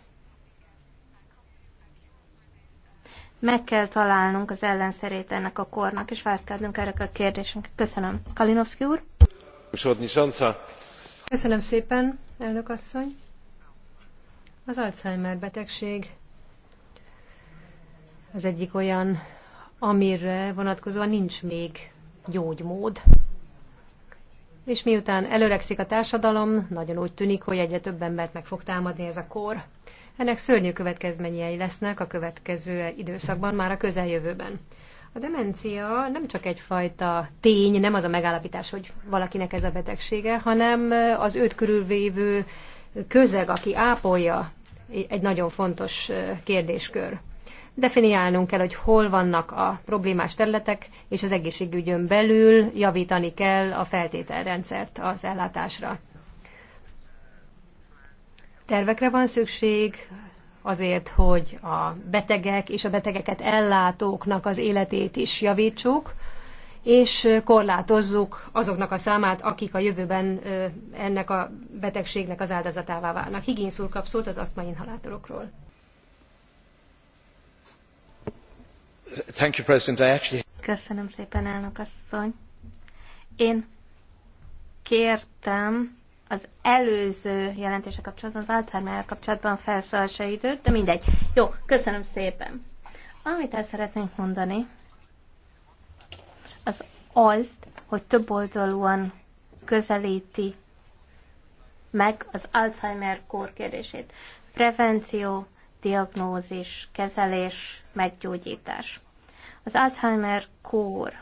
meg kell találnunk az ellenszerét ennek a kornak, és választ kell erre a kérdésünk. Köszönöm. Kalinowski úr? Przewodnicząca, Köszönöm szépen, elnök asszony. Az Alzheimer betegség az egyik olyan, amire vonatkozóan nincs még gyógymód. És miután előrekszik a társadalom, nagyon úgy tűnik, hogy egyre több embert meg fog támadni ez a kor. Ennek szörnyű következményei lesznek a következő időszakban, már a közeljövőben. A demencia nem csak egyfajta tény, nem az a megállapítás, hogy valakinek ez a betegsége, hanem az őt körülvévő közeg, aki ápolja, egy nagyon fontos kérdéskör. Definiálnunk kell, hogy hol vannak a problémás területek, és az egészségügyön belül javítani kell a feltételrendszert az ellátásra. Tervekre van szükség, azért, hogy a betegek és a betegeket ellátóknak az életét is javítsuk, és korlátozzuk azoknak a számát, akik a jövőben ennek a betegségnek az áldozatává válnak. Higgins úr kap szót az asztma inhalátorokról. Thank you, President. I actually... Köszönöm szépen, elnök asszony. Én kértem az előző jelentése kapcsolatban, az Alzheimer kapcsolatban se időt, de mindegy. Jó, köszönöm szépen. Amit el szeretnénk mondani, az az, hogy több oldalúan közelíti meg az Alzheimer kór kérdését. Prevenció, diagnózis, kezelés, meggyógyítás. Az Alzheimer kór,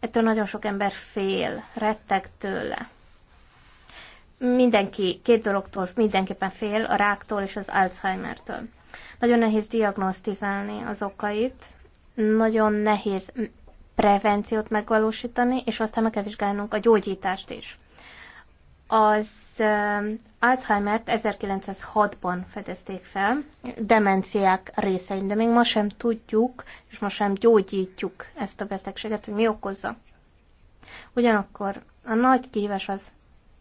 ettől nagyon sok ember fél, retteg tőle mindenki, két dologtól mindenképpen fél, a ráktól és az Alzheimer-től. Nagyon nehéz diagnosztizálni az okait, nagyon nehéz prevenciót megvalósítani, és aztán meg kell vizsgálnunk a gyógyítást is. Az um, Alzheimer-t 1906-ban fedezték fel, demenciák részein, de még ma sem tudjuk, és ma sem gyógyítjuk ezt a betegséget, hogy mi okozza. Ugyanakkor a nagy kihívás az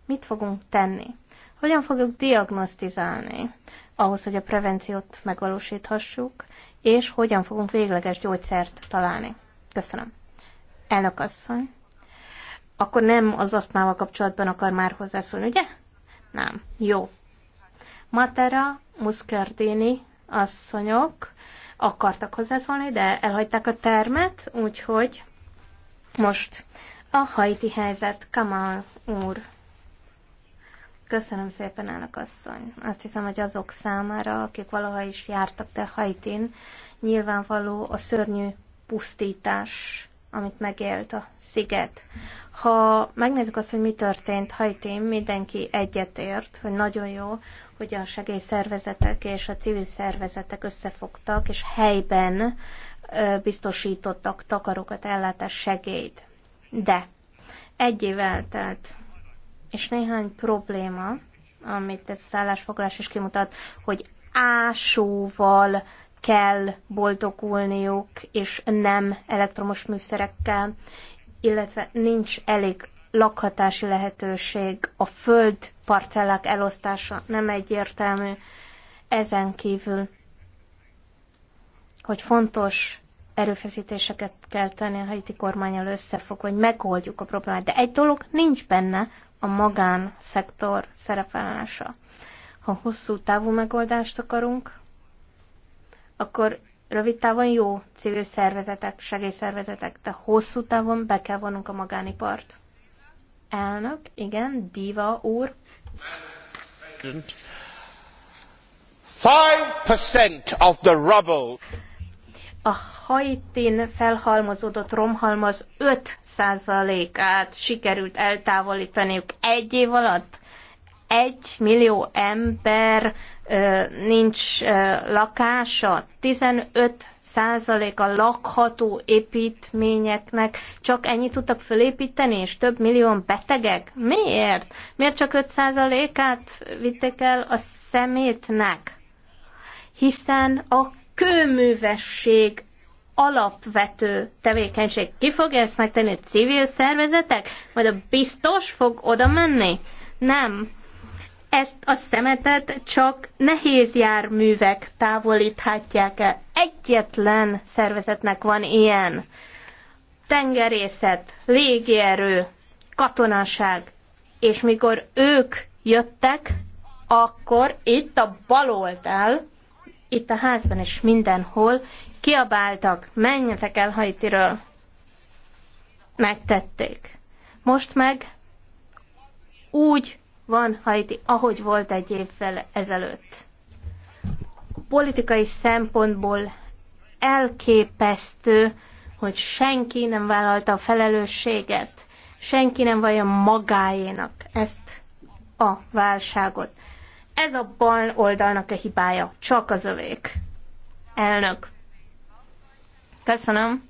Mit fogunk tenni? Hogyan fogjuk diagnosztizálni ahhoz, hogy a prevenciót megvalósíthassuk, és hogyan fogunk végleges gyógyszert találni? Köszönöm. Elnök asszony. Akkor nem az asztmával kapcsolatban akar már hozzászólni, ugye? Nem. Jó. Matera, Muscardini asszonyok akartak hozzászólni, de elhagyták a termet, úgyhogy most a hajti helyzet, Kamal úr. Köszönöm szépen, elnök asszony. Azt hiszem, hogy azok számára, akik valaha is jártak te Haitin, nyilvánvaló a szörnyű pusztítás, amit megélt a sziget. Ha megnézzük azt, hogy mi történt Haitin, mindenki egyetért, hogy nagyon jó, hogy a segélyszervezetek és a civil szervezetek összefogtak, és helyben biztosítottak takarokat, ellátás segélyt. De egy év eltelt és néhány probléma, amit ez az állásfoglalás is kimutat, hogy ásóval kell boldogulniuk, és nem elektromos műszerekkel, illetve nincs elég lakhatási lehetőség, a föld parcellák elosztása nem egyértelmű. Ezen kívül, hogy fontos erőfeszítéseket kell tenni a helyi kormányal összefog, hogy megoldjuk a problémát. De egy dolog nincs benne, a magánszektor szerepelása. Ha hosszú távú megoldást akarunk, akkor rövid távon jó civil szervezetek, segélyszervezetek, de hosszú távon be kell vonnunk a magánipart. Elnök, igen, Diva úr. 5% of the rubble a hajtin felhalmozódott romhalmaz 5%-át sikerült eltávolítaniuk egy év alatt. Egy millió ember ö, nincs ö, lakása, 15 a lakható építményeknek csak ennyit tudtak fölépíteni, és több millió betegek? Miért? Miért csak 5 át vitték el a szemétnek? Hiszen a kőművesség alapvető tevékenység. Ki fogja ezt megtenni? A civil szervezetek? Majd a biztos fog oda menni? Nem. Ezt a szemetet csak nehéz járművek távolíthatják el. Egyetlen szervezetnek van ilyen. Tengerészet, légierő, katonaság. És mikor ők jöttek, akkor itt a baloldal itt a házban és mindenhol kiabáltak, menjetek el Haitiről. Megtették. Most meg úgy van Haiti, ahogy volt egy évvel ezelőtt. Politikai szempontból elképesztő, hogy senki nem vállalta a felelősséget, senki nem vallja magáénak ezt a válságot. Ez a bal oldalnak a hibája, csak az övék. Elnök. Köszönöm.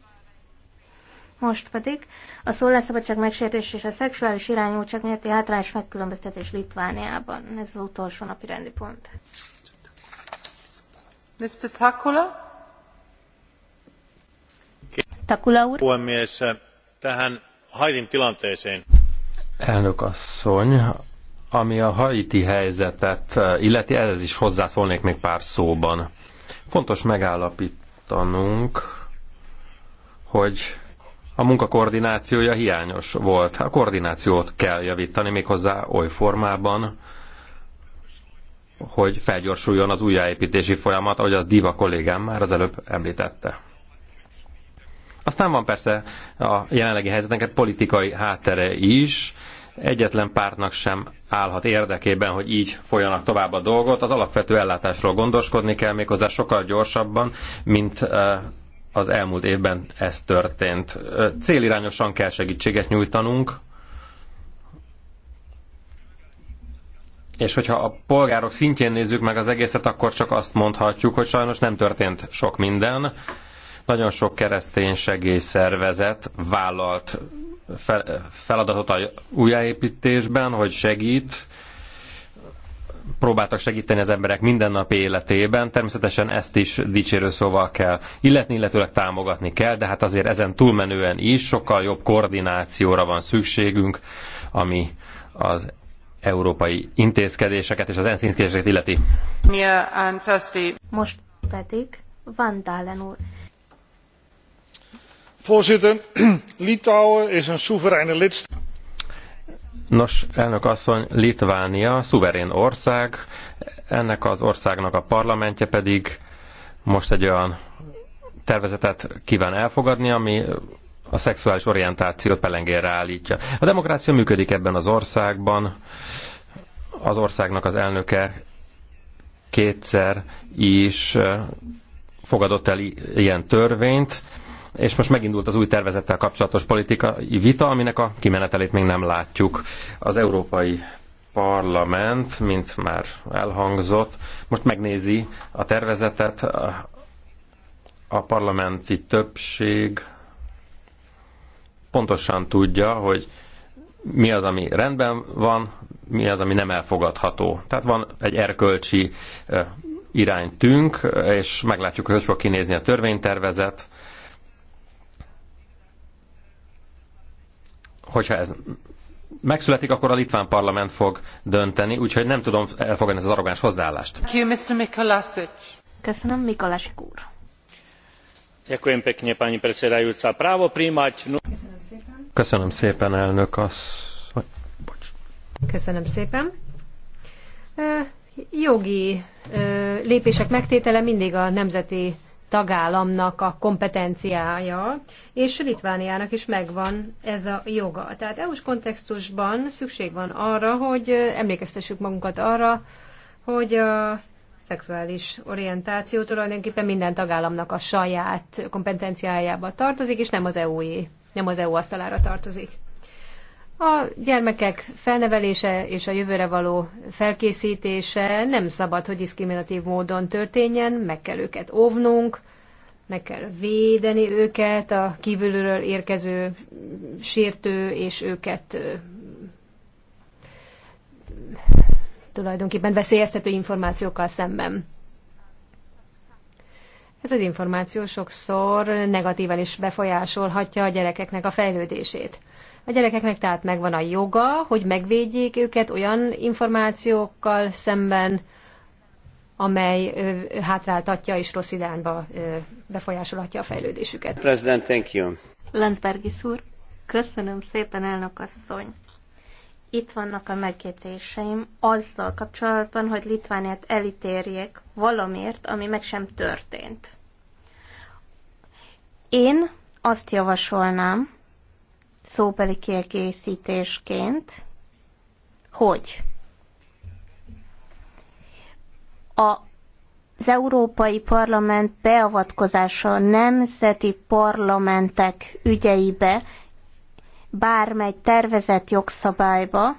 Most pedig a szólásszabadság megsértés és a szexuális irányultság miatti általános megkülönböztetés Litvániában. Ez az utolsó napi rendi pont. Mr. Takula? Takula úr? Puhemies, tähän Haitin tilanteeseen. Elnök asszony, ami a haiti helyzetet eh, illeti, ez is hozzászólnék még pár szóban. Fontos megállapítanunk, hogy a munka koordinációja hiányos volt. A koordinációt kell javítani méghozzá oly formában, hogy felgyorsuljon az újjáépítési folyamat, ahogy az Diva kollégám már az előbb említette. Aztán van persze a jelenlegi helyzetnek egy politikai háttere is, egyetlen pártnak sem állhat érdekében, hogy így folyanak tovább a dolgot. Az alapvető ellátásról gondoskodni kell méghozzá sokkal gyorsabban, mint az elmúlt évben ez történt. Célirányosan kell segítséget nyújtanunk, és hogyha a polgárok szintjén nézzük meg az egészet, akkor csak azt mondhatjuk, hogy sajnos nem történt sok minden. Nagyon sok keresztény segélyszervezet vállalt feladatot a újjáépítésben, hogy segít, próbáltak segíteni az emberek mindennapi életében. Természetesen ezt is dicsérő szóval kell illetni, illetőleg támogatni kell, de hát azért ezen túlmenően is sokkal jobb koordinációra van szükségünk, ami az európai intézkedéseket és az ENSZ intézkedéseket illeti. Most pedig Van Dalen úr voorzitter litouwen is een szuvereine lidstaat. Nos, elnök asszony, Litvánia szuverén ország, ennek az országnak a parlamentje pedig most egy olyan tervezetet kíván elfogadni, ami a szexuális orientációt pelengére állítja. A demokrácia működik ebben az országban, az országnak az elnöke kétszer is eh, fogadott el ilyen törvényt, és most megindult az új tervezettel kapcsolatos politikai vita, aminek a kimenetelét még nem látjuk. Az Európai Parlament, mint már elhangzott, most megnézi a tervezetet, a parlamenti többség pontosan tudja, hogy mi az, ami rendben van, mi az, ami nem elfogadható. Tehát van egy erkölcsi iránytünk, és meglátjuk, hogy hogy fog kinézni a törvénytervezet, hogyha ez megszületik, akkor a litván parlament fog dönteni, úgyhogy nem tudom elfogadni az arrogáns hozzáállást. Köszönöm, Mikolásik úr. Köszönöm szépen, pani predsedajúca. Právo príjmať... Köszönöm szépen. elnök asszony. Bocs. Köszönöm szépen. Jogi lépések megtétele mindig a nemzeti tagállamnak a kompetenciája, és Litvániának is megvan ez a joga. Tehát EU-s kontextusban szükség van arra, hogy emlékeztessük magunkat arra, hogy a szexuális orientáció tulajdonképpen minden tagállamnak a saját kompetenciájába tartozik, és nem az EU-é, nem az EU asztalára tartozik. A gyermekek felnevelése és a jövőre való felkészítése nem szabad, hogy diszkriminatív módon történjen, meg kell őket óvnunk, meg kell védeni őket a kívülről érkező sértő és őket tulajdonképpen veszélyeztető információkkal szemben. Ez az információ sokszor negatívan is befolyásolhatja a gyerekeknek a fejlődését. A gyerekeknek tehát megvan a joga, hogy megvédjék őket olyan információkkal szemben, amely ö, hátráltatja és rossz irányba ö, befolyásolhatja a fejlődésüket. President, thank you. Lenzbergis úr, köszönöm szépen, elnök asszony. Itt vannak a megjegyzéseim azzal kapcsolatban, hogy Litvániát elítérjék valamiért, ami meg sem történt. Én azt javasolnám, szóbeli kiegészítésként, hogy a az Európai Parlament beavatkozása a nemzeti parlamentek ügyeibe bármely tervezett jogszabályba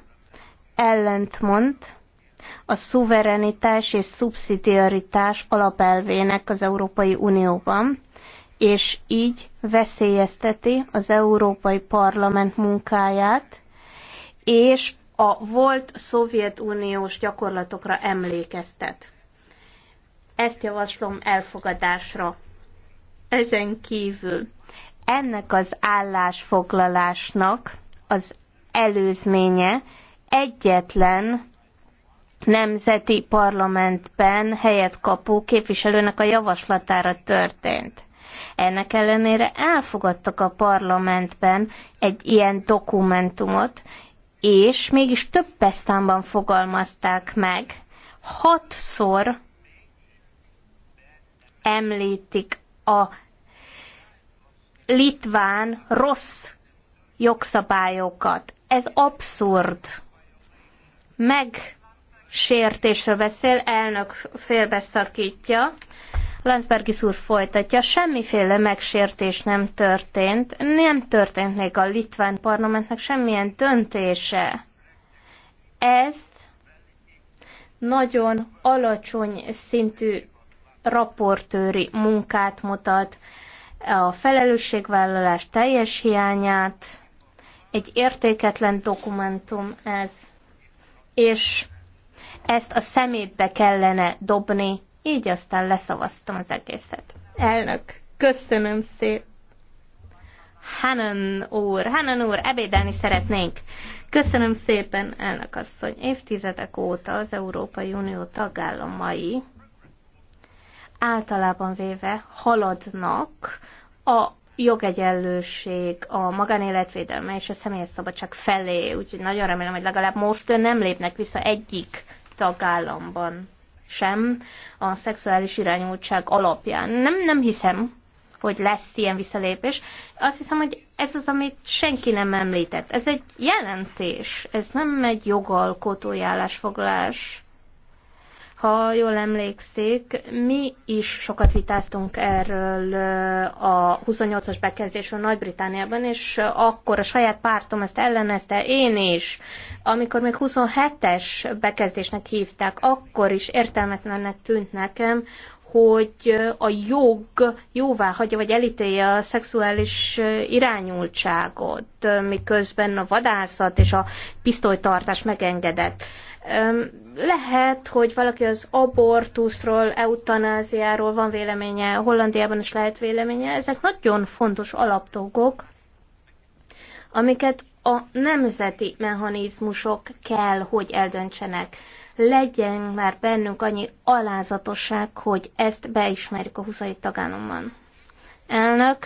ellentmond a szuverenitás és szubszidiaritás alapelvének az Európai Unióban, és így veszélyezteti az Európai Parlament munkáját, és a volt Szovjetuniós gyakorlatokra emlékeztet. Ezt javaslom elfogadásra. Ezen kívül ennek az állásfoglalásnak az előzménye egyetlen nemzeti parlamentben helyet kapó képviselőnek a javaslatára történt. Ennek ellenére elfogadtak a parlamentben egy ilyen dokumentumot, és mégis több pesztámban fogalmazták meg. Hatszor említik a litván rossz jogszabályokat. Ez abszurd. Megsértésre beszél, elnök félbeszakítja. Landsbergi úr folytatja, semmiféle megsértés nem történt, nem történt még a litván parlamentnek semmilyen döntése. Ezt nagyon alacsony szintű raportőri munkát mutat, a felelősségvállalás teljes hiányát, egy értéketlen dokumentum ez, és ezt a szemétbe kellene dobni, így aztán leszavaztam az egészet. Elnök, köszönöm szépen. Hanan úr, Hanan úr, ebédelni szeretnénk. Köszönöm szépen, elnök asszony. Évtizedek óta az Európai Unió tagállamai általában véve haladnak a jogegyenlőség, a magánéletvédelme és a személyes szabadság felé, úgyhogy nagyon remélem, hogy legalább most nem lépnek vissza egyik tagállamban sem a szexuális irányultság alapján. Nem, nem hiszem, hogy lesz ilyen visszalépés. Azt hiszem, hogy ez az, amit senki nem említett. Ez egy jelentés, ez nem egy jogalkotói állásfoglalás. Ha jól emlékszik, mi is sokat vitáztunk erről a 28-as bekezdésről Nagy-Britániában, és akkor a saját pártom ezt ellenezte, én is. Amikor még 27-es bekezdésnek hívták, akkor is értelmetlennek tűnt nekem, hogy a jog jóvá hagyja, vagy elítélje a szexuális irányultságot, miközben a vadászat és a pisztolytartás megengedett. Lehet, hogy valaki az abortuszról, eutanáziáról van véleménye, Hollandiában is lehet véleménye. Ezek nagyon fontos alapdolgok, amiket a nemzeti mechanizmusok kell, hogy eldöntsenek. Legyen már bennünk annyi alázatosság, hogy ezt beismerjük a 27 tagállamban. Elnök,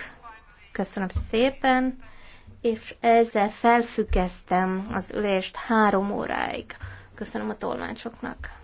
köszönöm szépen, és ezzel felfüggesztem az ülést három óráig. Köszönöm a tolmácsoknak.